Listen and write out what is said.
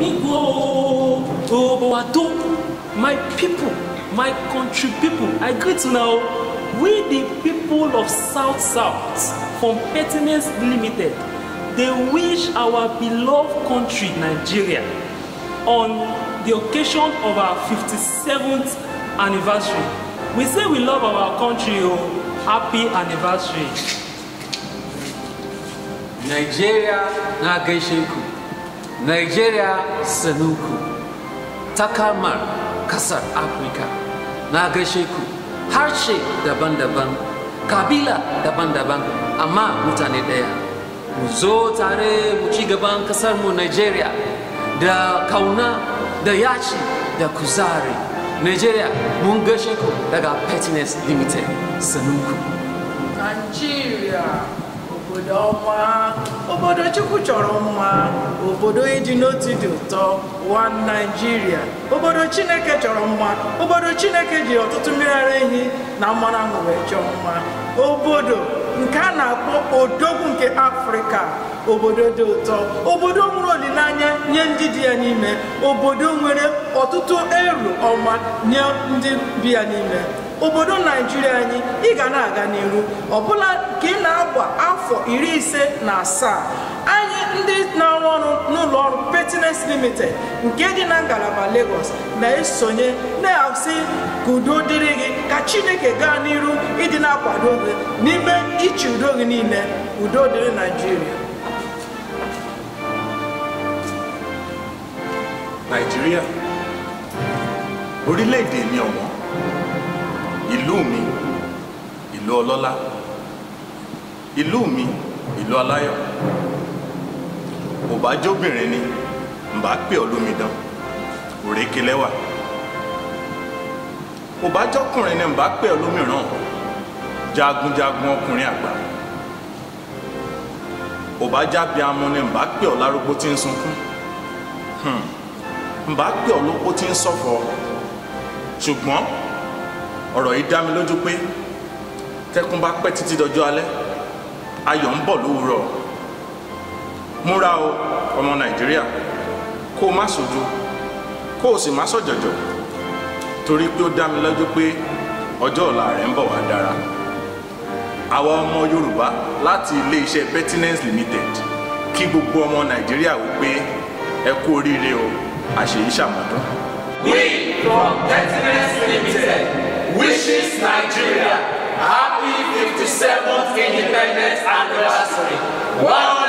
me go. Obowato, oh, my people, my country people, I greet now. We the people of South South from Pertinence Limited, they wish our beloved country Nigeria on the occasion of our 57th anniversary. We say we love our country, oh, happy anniversary. Nigeria na nigeria sanuku takamar kasar afirka na gaishe ku harshe daban-daban kabila daban-daban amma mutane ɗaya mu zo tare mu ci gaban mu nigeria da kauna da yaci da kuzari nigeria mun gaishe ku daga pettiness limited sanuku nigeria obodo ọma obodo chukwu chọrọ mma obodo ịdị n'otu dị ụtọ wa naijiria obodo chineke chọrọ mma obodo chineke ji ọtụtụ mmiri ara ehi na mmanụ aṅụrị chọọ mma obodo nke a na-akpọ odogwu nke afrịka obodo dị ụtọ obodo nwere olileanya nye ndị dị ya n'ime obodo nwere ọtụtụ eru ọma nye ndị bi ya n'ime obodo naijiria anyị ị ga na-aga n'iru ọbụla ka ị na-agba afọ iri ise na asaa anyị ndị na-arụ ọrụ n'ụlọ ọrụ Pertinence Limited nke dị na ngalaba Lagos na-esonye na-asị ka udo dịrị gị ka Chineke gaa n'iru ịdị na-akwado gị n'ime iche udo gị niile udo dịrị Naijiria Naijiria ìlú mi ìlú ọlọ́lá ìlú mi ìlú aláyọ̀ òbájóbìnrin ni mbà pè olúmidán òrékè lẹ́wà òbájọ́kùnrin ni mbà pè olómìíràn jagunjagun ọkùnrin àgbà òbájábíamọ ni mbà pè ọlárúgbó tí ń sunkún hmm. mbà pè ọlọ́pọ̀ tí ń ṣọ̀fọ̀ ṣùgbọ́n. ọ̀rọ̀ yìí dá mi lójú pé tẹ́kún bá pẹ́ títí dọjọ́ alẹ́ ayọ̀ ń bọ̀ múra o ọmọ nàìjíríà kó o má sojú kó o sì má sọ̀jọ̀jọ̀ torí pé ó dá mi lójú pé ọjọ́ ọ̀la rẹ̀ ń bọ̀ wá dára àwa ọmọ yorùbá láti iléeṣẹ́ pertinence limited kí gbogbo ọmọ nàìjíríà ẹ kú oríire o we from pertinence limited. wishes Nigeria happy 57th Independence Anniversary. Wow.